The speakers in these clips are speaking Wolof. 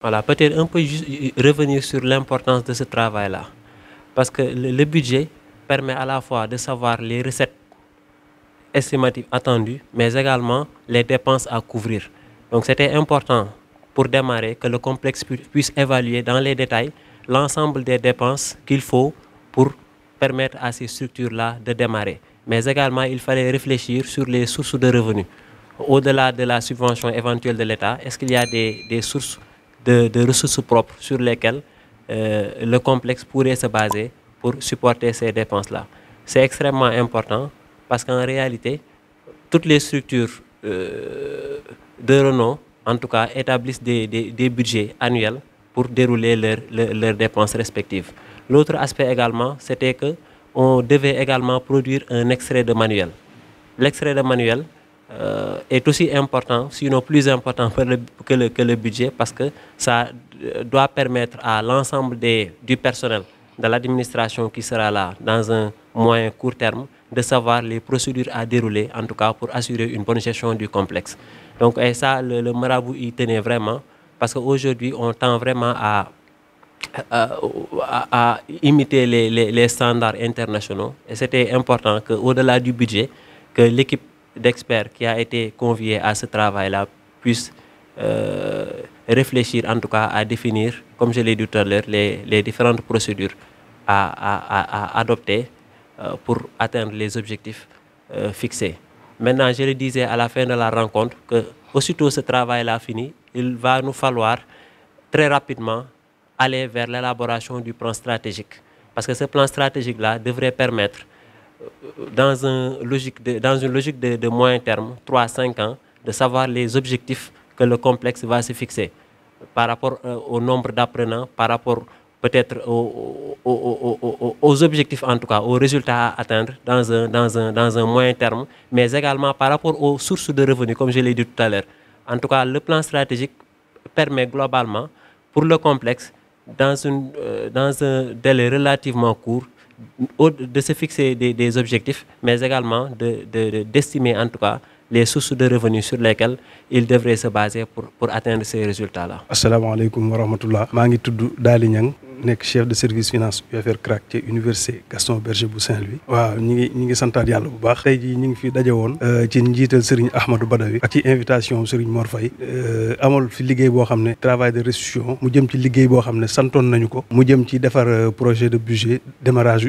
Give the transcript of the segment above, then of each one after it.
Voilà, peut-être un peu juste euh, euh, revenir sur l'importance de ce travail-là. Parce que le budget permet à la fois de savoir les recettes estimatives attendues, mais également les dépenses à couvrir. Donc c'était important pour démarrer que le complexe puisse évaluer dans les détails l'ensemble des dépenses qu'il faut pour permettre à ces structures-là de démarrer. Mais également, il fallait réfléchir sur les sources de revenus. Au-delà de la subvention éventuelle de l'État, est-ce de, de ressources propres sur lesquelles euh, le complexe pourrait se baser pour supporter ces dépenses-là. C'est extrêmement important parce qu'en réalité, toutes les structures euh, de renom, en tout cas, établissent des, des, des budgets annuels pour dérouler leurs leur, leur dépenses respectives. L'autre aspect également, c'était que on devait également produire un extrait de manuel. L'extrait de manuel, euh, est aussi important, sinon plus important que le, que parce que ça euh, doit permettre à l'ensemble du personnel de l'administration qui sera là dans un moyen court terme de savoir les procédures à dérouler, en tout cas pour assurer une bonne gestion du complexe. Donc et ça, le, le marabout y tenait vraiment, parce qu'aujourd'hui, on tend vraiment à à, à, à, imiter les, les, les standards internationaux. Et c'était important qu'au-delà du budget, que l'équipe d'experts qui a été convié à ce travail-là puisse euh, réfléchir en tout cas à définir, comme je l'ai dit tout à l'heure, les, les, différentes procédures à, à, à adopter euh, pour atteindre les objectifs euh, fixés. Maintenant, je le disais à la fin de la rencontre que aussitôt ce travail-là fini, il va nous falloir très rapidement aller vers l'élaboration du plan stratégique. Parce que ce plan stratégique-là devrait permettre dans un logique de dans une logique de de moyen terme trois cinq ans de savoir les objectifs que le complexe va se fixer par rapport euh, au nombre d'apprenants par rapport peut-être aux, aux, aux, aux, objectifs en tout cas, aux résultats à atteindre dans un, dans, un, dans moyen terme, mais également par rapport aux sources de revenus, comme je l'ai dit tout à l'heure. En tout cas, le plan stratégique permet globalement pour le complexe, dans, une, euh, dans un délai relativement court, de se fixer des, des objectifs, mais également d'estimer de, de, de en tout cas les sources de revenus sur lesquelles il devrait se baser pour, pour atteindre ces résultats-là. Assalamu maa ngi rahmatullah. daali ñang nekk chef de service finance UFR CRAC ci université Gaston Berger bu Saint-Louis waaw ñi ngi ñi ngi santaat yàlla bu baax tey jii ñi ngi fi daje woon euh, ci njiital Serigne Ahmadou Badawi ak ci invitation Serigne Mor Faye euh, amal fi liggéey boo xam ne travail de restitution mu jëm ci liggéey boo xam ne santoon nañu ko mu jëm ci defar euh, projet de budget démarrage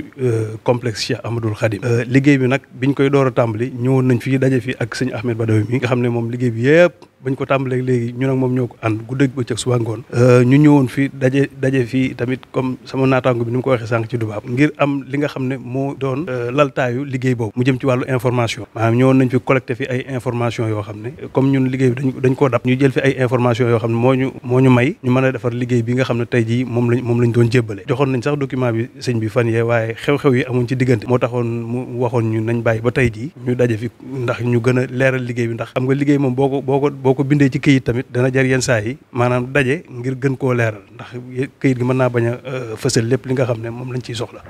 complexe Cheikh Ahmadoul Khadim liggéey bi nag biñ koy door a tàmbali ñëwoon nañ fi daje fi ak sëñ Ahmed Badawi mi nga xam ne moom liggéey bi yëpp bañ ko tàmbalee léegi ñun ak moom ñoo ko ànd guddeeg bëccëg suba ngoon euh, ñu ñëwoon fi daje daje tamit comme sama naataango bi ni mu ko waxee sànq ci dubaab ngir am li nga xam ne moo doon euh, laltaayu liggéey boobu mu jëm ci wàllu information maanaam ñëwoon fi collecté fi ay information yoo xam ne comme ñun liggéey bi dañ koo dab ñu jël ay information yoo xam ne moo ñu moo ñu may ñu mën a defar liggéey bi nga xam ne tey jii moom lañ moom lañ doon jébbale joxoon nañ sax document bi sëñ bi fan yee waaye xew-xew yi amuñ ci diggante moo taxoon mu waxoon ñu nañ bàyyi ba tey jii ñu daje fi ndax ñu gën a leeral liggéey bi ndax xam nga liggéey moom boo boo ko bindee ci këyit tamit dana jar yenn saa yi maanaam daje ngir gën koo leeral ndax këyit gi mën naa bañ a euh, fësal lépp li nga xam ne moom lañ ciy soxla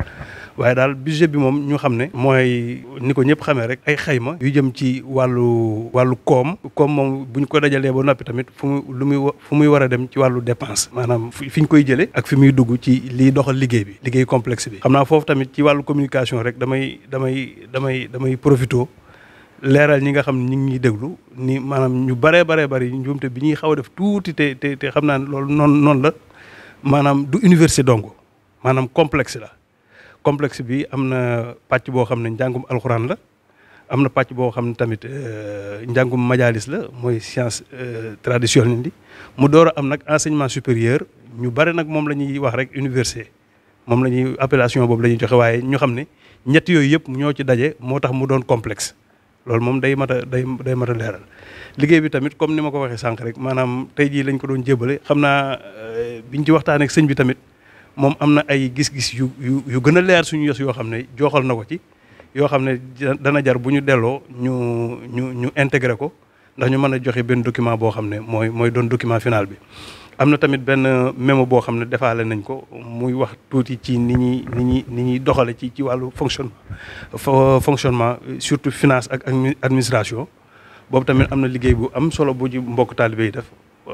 waaye daal budget bi moom ñu xam ne mooy ni ko ñëpp xamee rek ay xayma yu jëm ci wàllu wàllu koom koom moom bu ñu ko dajalee ba noppi tamit fu mu lu muy fu muy war a dem ci wàllu dépense maanaam fi ñu koy jëlee ak fi muy dugg ci liy doxal liggéey bi liggéey complexe bi xam naa foofu tamit ci wàllu communication rek damay damay damay damay profito leeral ñi nga xam ne ñu ngi ñuy déglu ni maanaam ñu baree bare bari njuumte bi ñuy xaw a def tuuti te te te xam naa loolu noon noonu la maanaam du université dong maanaam complexe la. complexe bi am na pàcc boo xam ne njàngum alxuraan la am na pàcc boo xam ne tamit euh, njàngum majalis la mooy science euh, traditionnelle di mu door a am nag enseignement supérieur ñu bare nag moom la ñuy wax rek université moom la ñuy appellation boobu la ñuy joxe waaye ñu xam ne ñett yooyu yëpp ñoo ci daje moo tax mu doon complexe. loolu moom day mat a day day mat a leeral liggéey bi tamit comme ni ma ko waxee sànq rek maanaam tey jii lañ ko doon jébale xam naa euh, biñ ci waxtaanee ak sëñ bi tamit moom am na ay gis-gis yu yu yu gën a leer suñu yos yoo xam ne jooxal na ko ci yoo xam ne dana jar bu ñu delloo ñu ñu ñu intégré ko ndax ñu mën a joxe benn document boo xam ne mooy mooy doon document final bi am na tamit benn mémo boo xam ne defaale nañ ko muy wax tuuti ci ni ñi ni ñuy ni ñuy doxale ci ci wàllu fonctionnement fonctionnement surtout finance ak administration boobu tamit am na liggéey bu am solo bu ci mbokk taalibe yi def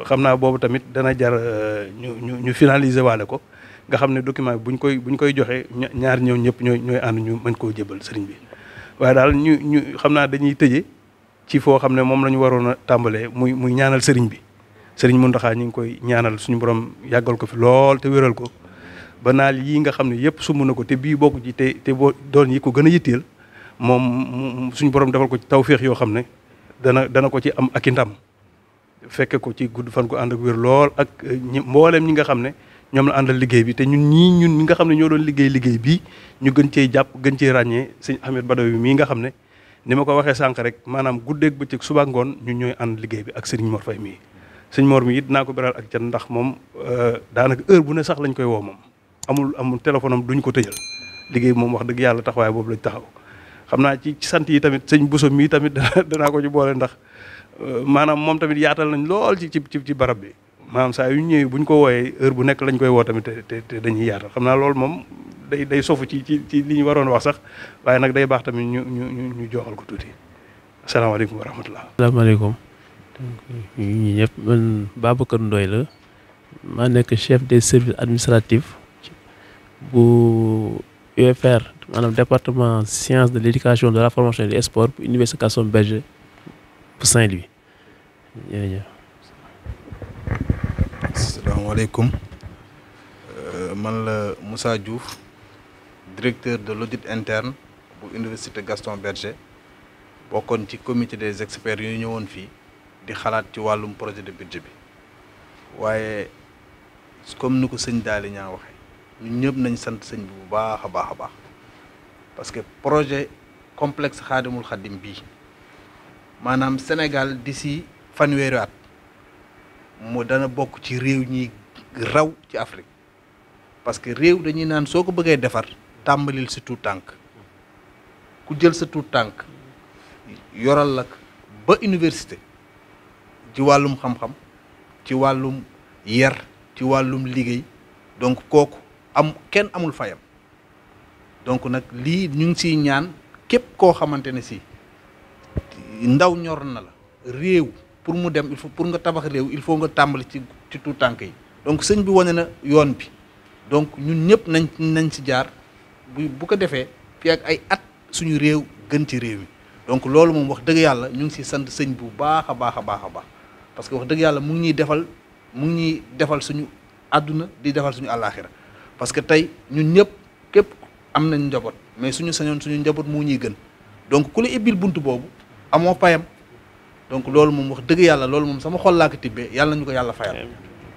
xam naa boobu tamit dana jar euh, ñu ñu ñu finaliser waale ko nga xam ne document bu buñ koy buñ koy joxee ñaar ñëw ñëpp ñooy ñooy ànd ñu mañ koo jébal sëriñ bi waaye daal ñu xam naa dañuy tëjee ci foo xam ne moom la ñu waroon a tàmbalee muy muy ñaanal sëriñ bi sëriñ mu Mountakha ñu ngi koy ñaanal suñu borom yàggal ko fi lool te wéral ko ba naal yii nga xam ne yëpp sumb na ko te bii bokk ci te te boo doon yi ko gën a yitteel moom suñu borom defal ko ci tawféex yoo xam ne dana dana ko ci am ak i ndam fekke ko ci gudd fan ko ànd ak wér lool ak eh, ñi mbooleem ñi nga xam ne ñoom la àndal liggéey bi te ñun ñii ñun ñi nga xam ne ñoo doon liggéey liggéey bi ñu gën cee jàpp gën cee ràññee sëñ Ahmed Badawi mii nga xam ne ni ma ko waxee sànq rek maanaam guddeeg bëccëg suba ngoon ñu ñooy ànd liggéey bi ak sëriñ Mor fay mii sëñ moor mi it naa ko beral ak can ndax moom euh, daanaka heure bu ne sax lañ koy woo moom amul amul téléphone duñ ko tëjal liggéey moom wax dëgg yàlla taxawaay boobu lañ taxaw xam naa ci sant yi tamit sëñ Bousso mii tamit danaa ko ci boole ndax euh, maanaam moom tamit yaatal nañ lool ci ci ci barab bi maanaam saa yu ñëwee bu ko wooyee heure bu nekk lañ koy woo tamit te te dañuy yaatal xam naa loolu moom day day sofu ci ci ci li ñu waroon wax sax waaye nag day baax tamit ñu ñu ñu joxal ko tuuti asalaamaaleykum wa rahmatullah. asalaamaaleykum ñi ñëpp man Babacar Ndoye la maa nekk chef des services administratifs bu UFR maanaam département sciences de l'éducation de la formation des sports bu université Gaston Berger bu euh, man la Moussa Diouf. directeur de l'audit interne bu université Gaston Berger bokkoon ci commité des experts yu ñëwoon fii di xalaat ci wàllum projet de budget bi waaye comme nu ko sëñ Daali ñaa waxee ñun ñëpp nañ sant sëñ bi bu baax a baax a baax parce que projet complexe xaadimul xaddim bii maanaam Sénégal d'ici fanweeri at mu dana bokk ci réew ñi raw ci Afrique parce que réew dañuy naan soo ko bëggee defar tàmbali si tuut tànk ku jël sa tuut tànk yoral la ba université ci wàllum xam-xam ci wàllum yar ci wàllum liggéey donc kooku am kenn amul fayam donc nag lii ñu ngi siy ñaan képp koo xamante ne si ndaw ñor na la réew pour mu dem il faut pour nga tabax réew il faut nga tàmbali ci ci tuut tànk yi donc sëñ bi wane na yoon bi donc ñun ñëpp nañ nañ si jaar bu bu ko defee fii ak ay at suñu réew gën ci réew yi donc loolu moom wax dëgg yàlla ñu ngi si sant sëñ bu baax a baax baax a baax parce que wax dëgg yàlla mu ngi ñuy defal mu ngi ñuy defal suñu àdduna di defal suñu àllaaxira parce que tey ñun ñëpp képp am nañ njaboot mais suñu sañoon suñu njaboot moo ñuy gën donc ku la ibbil bunt boobu amoo payam donc loolu moom wax dëgg yàlla loolu moom sama xol laa tibbee yàlla ñu ko yàlla fayal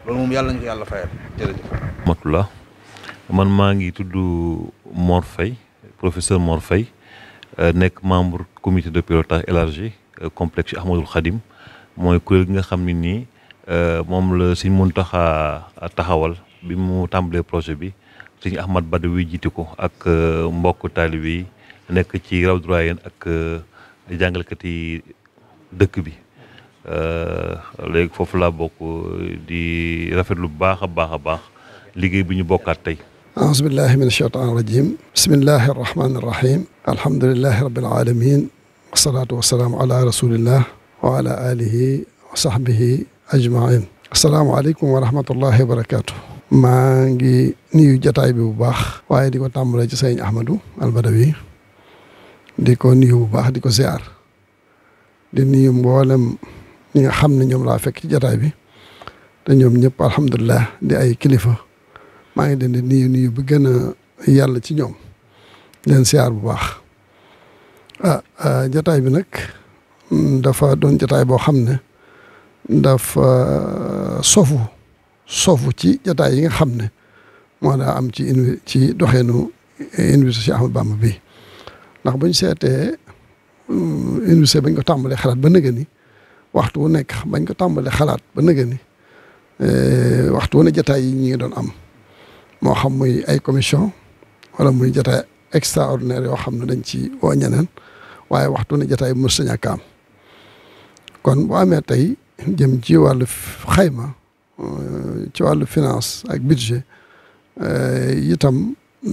loolu moom yàlla ñu ko yàlla fayal man maa ngi tudd. Mor Faye professeur Mor Faye euh, nekk membre commité de pilotage élargi euh, complexe Ahmadul xadim mooy kuréel gi nga xam ne nii euh, moom la mun taxa taxawal bi mu tàmbalee projet bi Sëñ Ahmad wi jiite ko ak mbokk taalibe yi nekk ci raw doyen ak jàngalekat yi dëkk bi léegi foofu laa bokk di rafet lu baax a baax a baax liggéey bi ñu bokkaat tey أعوذ بالله من الشيطان الرجيم بسم الله الرحمن الرحيم الحمد لله رب العالمين والصلاة والسلام على رسول الله وعلى آله وصحبه أجمعين asalaamaaleykum wa rahmatullahi wa barakaatu. maa ngi nuyu jataay bi bu baax waaye di ko tàmbalee ci sëñ Ahmadou Albadawi di ko nuyu bu baax di ko ziar di nuyu mboolem ñi nga xam ne ñoom laa fekk ci jataay bi te ñoom ñëpp alhamdulilah di ay kilifa maa ngi leen di nii nuyu bu gën a yàlla ci ñoom den siyaar bu baax ah, ah jataay bi nag mm, dafa doon jataay boo xam ne dafa ah, sofu sofu ci jataay yi nga xam ne moo daa am ci in ci doxeenu eh, université Cheikh Ahmadou Bamba bi ndax buñ seetee mm, université bañ ko tàmbalee xalaat ba nëga waxtu wu nekk bañ ko tàmbalee xalaat ba nëga ni eh, waxtu wu ne jataay yi ñu ngi doon am moo xam muy ay commission wala muy jotaay ordinaire yoo xam ne dañ ci woo ñeneen waaye waxtu ne jotaay mu sañ a kaam kon bu amee tey jëm ci wàllu xayma euh, ci wàllu finance ak budget euh, itam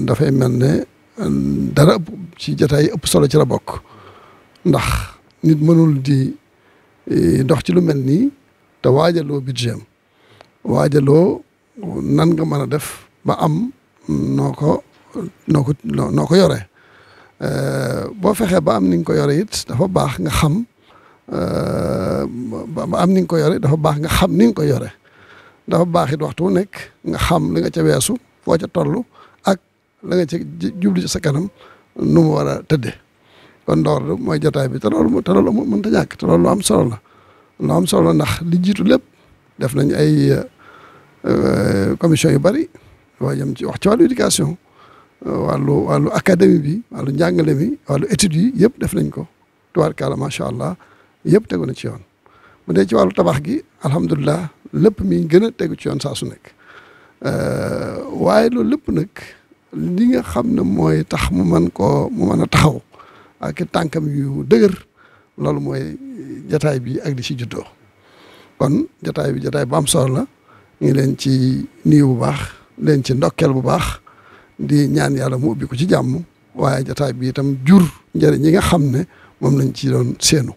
dafay mel ne euh, dara ci jotaay ëpp solo ci la bokk ndax nit mënul di ndox ci lu mel nii te waajaloo budget am waajaloo nan nga mën a def ba am noo ko noo ko noo ko yore boo fexee ba am ni nga ko yore it dafa baax nga xam ba am ni nga ko yore dafa baax nga xam ni nga ko yore dafa baax it waxtu wu nekk nga xam li nga ca weesu foo ca toll ak la nga ca jublu ci sa kanam nu mu war a tëddee kon door mooy jotaay bi te loolu te loolu mën ta ñàkk te loolu lu am solo la lu am solo ndax li jiitu lépp def nañ ay commission yu bari dafa jëm ci wax ci wàllu éducation wàllu wàllu académie bi wàllu njàngale mi wàllu études yi yëpp def nañ ko tubaarkàlla macha allah yëpp tegu na ci yoon. bu dee ci wàllu tabax gi alhamdulilah lépp mi gën a tegu ci yoon saa su nekk euh, waaye loolu lépp nag li nga xam ne mooy tax mu man koo mu mën a taxaw ak tànkam yu dëgër loolu mooy jataay bi ak di ci juddoo kon jataay bi jataay bu am solo la ñu ngi leen ci nuyu bu baax. leen ci ndokkeel bu baax di ñaan yàlla mu ubbi ko ci jàmm waaye jataay bii itam jur njëriñ yi nga xam ne moom lañ ci doon seenu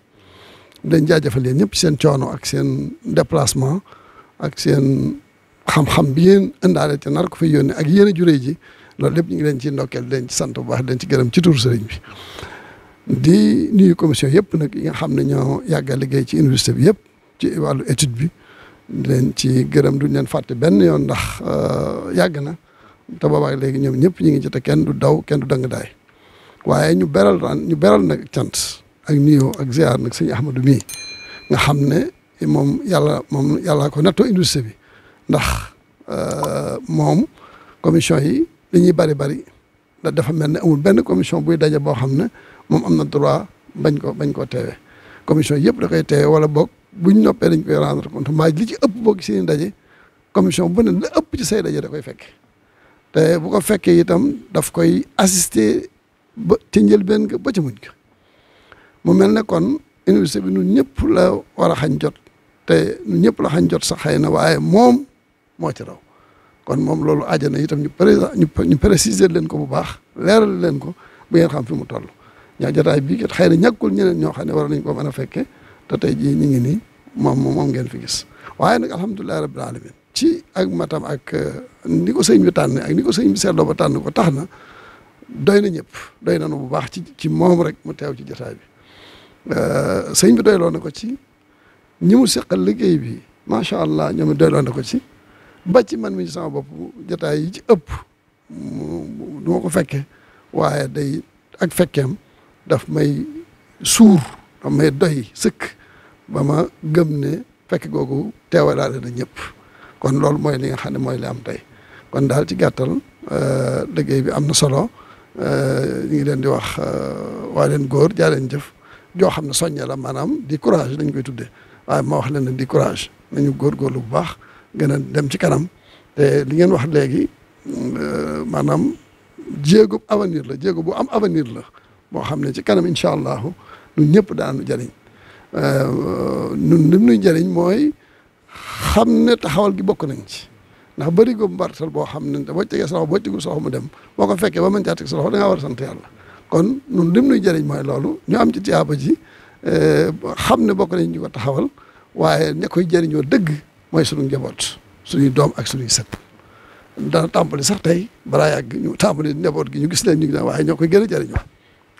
leen jaajëfal yéen ñëpp seen coono ak seen déplacement ak seen xam-xam bi yéen indaale te nar ko fay yónnee ak yéen a juree ji loolu lépp ñu ngi leen ci ndokkeel di leen ci sant bu baax di leen ci gërëm ci turu bi. di nuyu commission yëpp nag yi nga xam ne ñoo yàgg liggéey ci université bi yëpp ci wàllu étude bi. leen ci gërëm duñ leen fàtte benn yoon ndax euh, yàgg na te boobaak léegi ñoom ñëpp ñu ngi ci kenn du daw kenn du dang daay waaye ñu beral ran ñu beral nag cant ak nuyoo ak ziar nag sëñ Ahmadou mii nga xam ne moom yàlla moom yàlla ko nattoo industrie bi ndax euh, moom commission yi li ñuy bari bari da dafa mel ne amul benn commission buy daje boo xam ne moom am na droit bañ ko bañ koo teewee commission yëpp da koy teewee wala boog buñ noppee dañ koy rendre compte maa li ci ëpp boo gisee ndaje commission bu ne la ëpp ci say daje da koy fekke te bu ko fekkee itam daf koy assister ba ca njëlbeen ga ba ca muñ ko mu mel ne kon université bi ñun ñëpp la war a xañ jot te ñëpp la xañ jot sax xëy na waaye moom moo ci raw kon moom loolu ajana itam ñu présent ñu préciser leen ko bu baax leeral leen ko bu ngeen xam fi mu toll ñaa jotaay bii kat xëy na ñàkkul ñeneen ñoo xam ne war nañ ko mën a fekkee te tey jii ñu ngi nii moom moom ngeen fi gis waaye nag alhamdulilahi rabbil alamin ci ak matam ak euh, ni ko sëñ bi tànn ak ni ko sëñ bi seetloo ba tànn ko tax na doy na ñëpp doy na nu bu baax ci ci moom rek mu teew ci jotaay bi euh, sëñ bi doyloo na ko ci ñi mu seqal liggéey bi macha allah ñoom doyloo na ko ci ba ci man mi sama bopp jotaay yi ci ëpp du ma ko fekke waaye day ak fekkeem daf may suur daf may doy sëkk ba gëm ne fekk googu teewalaale na ñëpp kon loolu mooy li nga xam ne mooy li am tey kon daal ci gàttal euh, liggéey bi am na solo euh, ñu ngi leen di wax euh, waa leen góor jaa jëf joo xam ne soññe la maanaam di courage lañ koy tuddee waaye ma wax leen ne di courage nañu góorgóorlu bu baax gën a dem ci kanam te li ngeen wax léegi maanaam jéego avenir la jéego bu am avenir la moo xam ne ci kanam incha allahu ñun ñëpp daanu jëriñ nun euh, lim nuy njëriñ mooy xam ne taxawal gi bokk nañ ci ndax bëri bar mbartal boo xam ne boo tegee sa loxo boo tegul sa loxo mu dem boo ko fekkee ba mën caa teg sa loxo da war a sant kon ñun lim nuy njëriñ mooy loolu ñu am ci tiyaaba ji euh, xam ne bokk nañ ñu ko taxawal waaye ña koy jëriñoo dëgg mooy suñu njaboot suñuy doom ak suñuy sët dana tàmbali sax tey balaa yàgg ñu tàmbali njaboot gi ñu gis leen ñu na waaye ñoo koy gën a jëriñoo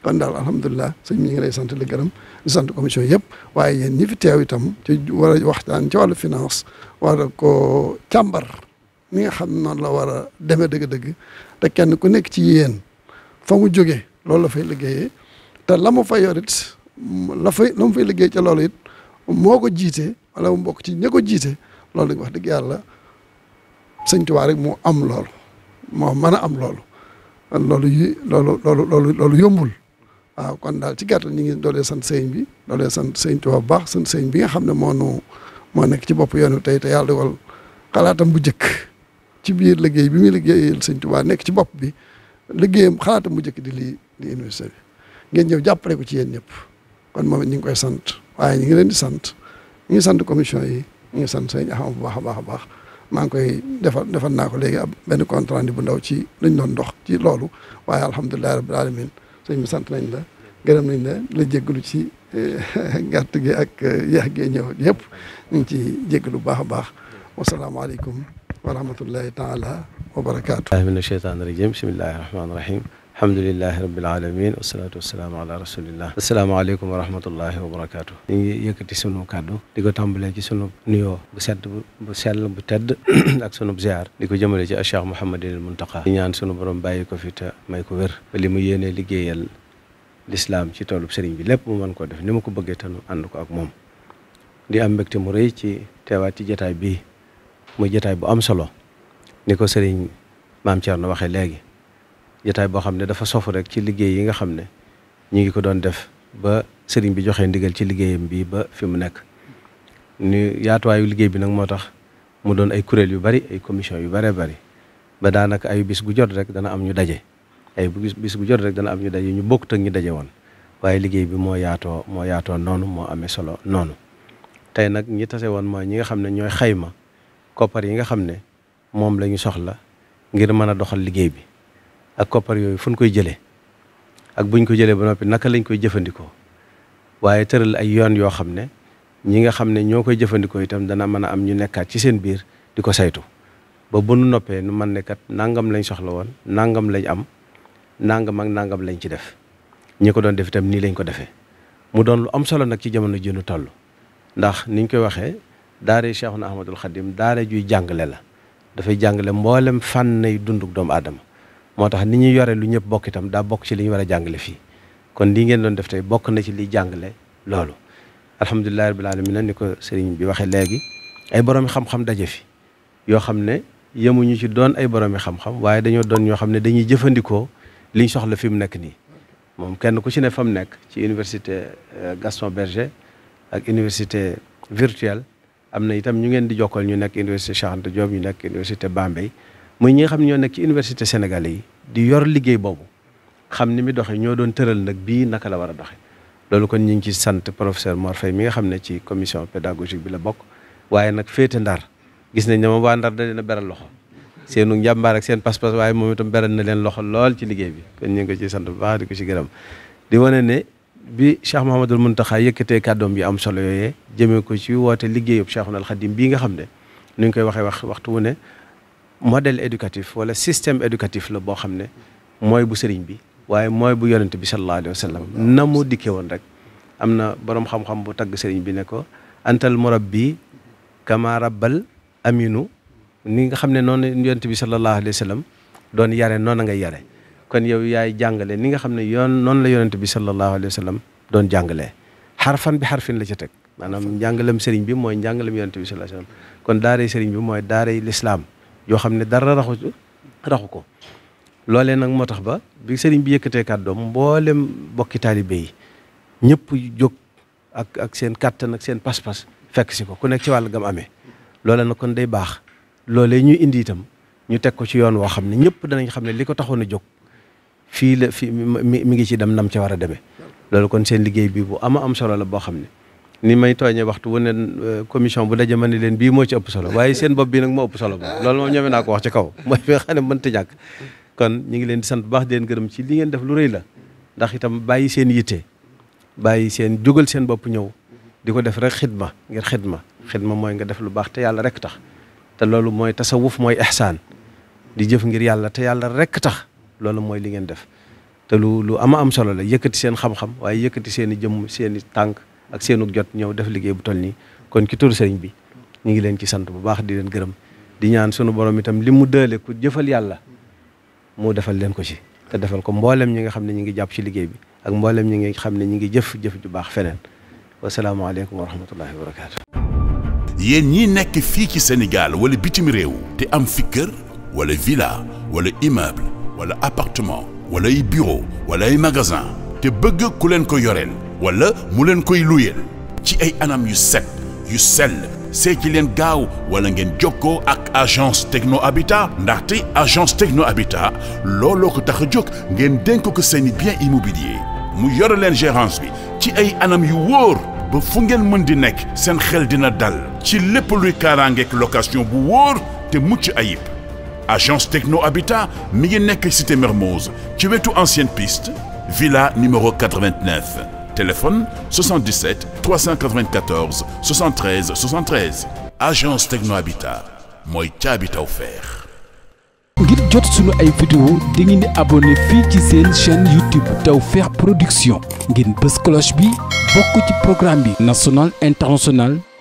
kon daal alhamdulilah sëñ mi ñu ngi lay sant di gërëm di sant commission yëpp waaye yéen ñi fi teew itam ci war a waxtaan ci wàllu finance war a koo càmbar ni nga xam noonu la war a dëgg-dëgg te kenn ku nekk ci yéen fa mu loolu la fay liggéey te la mu fay yor la fay la fay liggéey ca loolu it moo ko jiite wala mu ci ña jiite loolu wax dëgg yàlla sëñ Tuubaa rek moo am loolu moo mën a am loolu loolu loolu loolu yombul waaw kon daal ci gàttal ñu ngi doolee sant sëñ bi doolee sant sëñ Tuubaa bu baax sant sëñ bi nga xam ne moo nu moo nekk ci bopp yoon wi tey te yàlla dogal xalaatam bu njëkk ci biir liggéey bi muy liggéeyal sëñ Tuubaa nekk ci bopp bi liggéeyam xalaatam bu njëkk di lii di université bi ngeen ñëw jàppale ko ci yéen ñëpp kon moom ñu ngi koy sant waaye ñu ngi leen di sant ñu ngi sant commission yi ñu ngi sant sëñ Axam bu baax a baax a baax maa ngi koy defal defal naa ko léegi ab benn contrat bu ndaw ci lañ doon dox ci loolu waaye alhamdulilah rabbil alamin sëñ bi sant nañ la gërëm nañ la la jéggalu ci eh, gàtt gi ak eh, yéex gi ñëw yëpp ñu ngi ci jéggalu bu baax a baax wasalaamaaleykum wa rahmatullahi taala wa barakaatu. mina sheytaani rajim bismillahi rahmaani rahim alhamdulilahi rabbil alamin wasalaatu wasalaamu ala rasulillah asalaamaaleykum wa rahmatullahi wa barakaatu ñu ngi yëkkati sunu kàddu di ko tàmbalee ci sunu nuyoo bu sedd bu sell bu tedd ak sunu ziar di ko jëmale ci Cheikh Mouhamadinil Muntaqa di ñaan sunu borom bàyyi ko fi te may ko wér ba li mu yéenee liggéeyal lislaam ci toolub sëriñ bi lépp mu mën koo def ni ma ko bëggee te nu ànd ko ak moom di am mbégte mu rëy ci teewaat ci jataay bii muy jataay bu am solo ni ko sëriñ maam Thierno waxee léegi jataay boo xam ne dafa sofu rek ci liggéey yi nga xam ne ñu ngi ko doon def ba sëriñ bi joxe ndigal ci liggéeyam bii ba fi mu nekk ni yaatuwaayu liggéey bi nag moo tax mu doon ay kuréel yu bari ay commission yu bëree bari ba daanaka ay bis gu jot rek dana am ñu daje ay bis gu jot rek dana am ñu daje ñu bokkut ak ñu daje woon waaye liggéey bi moo yaatoo moo yaatoo noonu moo amee solo noonu tey nag ñu tase woon mooy ñi nga xam ne ñooy xayma koppar yi nga xam ne moom la ñu soxla ngir mën a doxal liggéey bi ak koppar yooyu fu ñu koy jëlee ak buñ ko jëlee ba noppi naka lañ koy jëfandikoo waaye tëral ay yoon yoo xam ne ñi nga xam ne ñoo koy jëfandikoo itam dana mën a am ñu nekkaat ci seen biir di ko saytu ba bu nu noppee nu man ne kat nangam lañ soxla woon nangam lañ am nangam ak nangam lañ ci def ñi ko doon def itam nii lañ ko defee mu doon lu am solo nag ci jamono ji nu toll ndax niñ koy waxee daare Cheikhuna Ahmadul Xadim daare juy jàngale la dafay jàngale mboolem fànn nay doomu aadama moo tax ni ñuy yore lu ñëpp bokk itam daa bokk ci li ñu war a fii kon lii ngeen doon def tey bokk na ci li jàngale loolu alhamdulilahi rabbil alamin ni ko sëriñ bi waxee léegi ay boroomi xam-xam daje fi yoo xam ne yemuñu ci doon ay boroomi xam-xam waaye dañoo doon ñoo xam ne dañuy jëfandikoo liñ soxla fi mu nekk nii moom kenn ku ci ne fa mu nekk ci université euh, Gaston Berger ak université virtuelle am na itam ñu ngeen di jokkal ñu nekk université Cheikh Anta ñu nekk université Bambey muy ñi nga xam ne ñoo nekk ci université sénégalais yi di yor liggéey boobu xam ni mi doxee ñoo doon tëral nag bii naka la war a doxe loolu kon ñu ngi ci sant professeur Mor Faye mi nga xam ne ci commission pédagogique bi la bokk waaye nag féete ndar gis nañ ne moom waa ndar da leen beral loxo seenu njambaar ak seen pas-pas waaye moom itam beral na leen loxo lool ci liggéey bi kon ñu ngi ko ci sant bu baax di ko ci gërëm di wane ne bi Cheikh Mouhamadul kàddoom bi am solo yooyee jëmee ko ci woote liggéeyub Cheikhul Khadim bii nga xam ne ni ñu koy waxee wax waxtu wu ne modèle éducatif wala système éducatif la boo xam ne mooy bu sëriñ bi waaye mooy bu yonent bi sallallahu alayhi wa sallam na mu dikke woon rek am na boroom xam-xam bu tagg sëriñ bi ne ko antal murabbi kama rabbal aminu ni nga xam ne noonu yonent bi sallallahu alayhi wa sallam doon yare noonu ngay yare kon yow yaay jàngale ni nga xam ne yoon noonu la yonent bi sallallahu alayhi wa sallam doon jàngalee xarfan bi xarfin la ca teg maanaam njàngalem sëriñ bi mooy njàngalem yonent bi sallallahu alayhi wa sallam kon daaray sëriñ bi mooy daaray lislaam yoo xam ne dara raxu raxu ko loolee nag moo tax ba bi sëriñ bi yëkkatee kàddoom mboolem bokki taalibe yi ñëpp jóg ak ak seen kàttan ak seen pas-pas fekk si ko ku nekk ci wàll gam amee loolee nag kon day baax loole ñuy indi itam ñu teg ko ci yoon woo xam ne ñëpp danañ xam ne li ko taxoon a jóg fii la fi mi ngi ci dem nam ca war a demee loolu kon seen liggéey bi bu ama am solo la boo xam ne ni may tooñee waxtu wu ne euh, commission bu daje ma ne leen bii moo ci ëpp solo waaye seen bopp bii nag moo ëpp solo moom loolu moom ñeme naa ko wax ci kaw mooy fi nga xam ne mënta ñàkk kon ñu ngi leen di sant bu baax di gërëm ci li ngeen def lu rëy la ndax itam bàyyi seen yitte bàyyi seen jógal seen bopp ñëw di ko def rek xidma ngir xidma xidma mooy nga def lu baax te yàlla rek tax te loolu mooy tasawuf mooy ihsaan di jëf ngir yàlla te yàlla rek tax loolu mooy li ngeen def te lu lu ama am solo la yëkkati seen xam-xam yëkkati seen i jëmm seen i tànk ak seenug jot ñëw def liggéey bu toll nii kon ci turu sëriñ bi ñu ngi leen ci sant bu baax di leen gërëm di ñaan sunu borom itam li mu dële ku jëfal yàlla mu defal leen ko ci te defal ko mbooleem ñi nga xam ne ñu ngi jàpp ci liggéey bi ak mboolem ñi nga xam ne ñu ngi jëf jëf ju baax feneen wasalaamaaleykum wa rahmatullahi wa barakaatu. yéen nekk fii ci Sénégal wala bitim réew te am fi kër wala villa wala immeuble wala appartement walay ay wala ay magasin te bëgg ku leen ko yoreel wala mu leen koy luyeel ci ay anam yu set yu sel see ci leen gaaw wala ngeen jokkoo ak agence techno abita ndaxte agence techno habitat looloo ko tax a jóg ngeen dénk ko seeni bien immobilier mu yore leen gérance bi ci ay anam yu wóor ba fu ngeen mën di nekk seen xel dina dal ci lépp luy kaaraangeek location bu woor te mucc ayib agence techno abita mi ngi nekk cité Mermoz ci wetu ancienne piste villa numéro 89 téléphone 77 394 73 73 agence Techno Habitat mooy ca Habitat offert. ngir jot sunu ay vidéo di ngeen di abonné fii ci seen chaîne YouTube Tawfekh Production ngeen bës cloche bi bokk ci programme bi national international.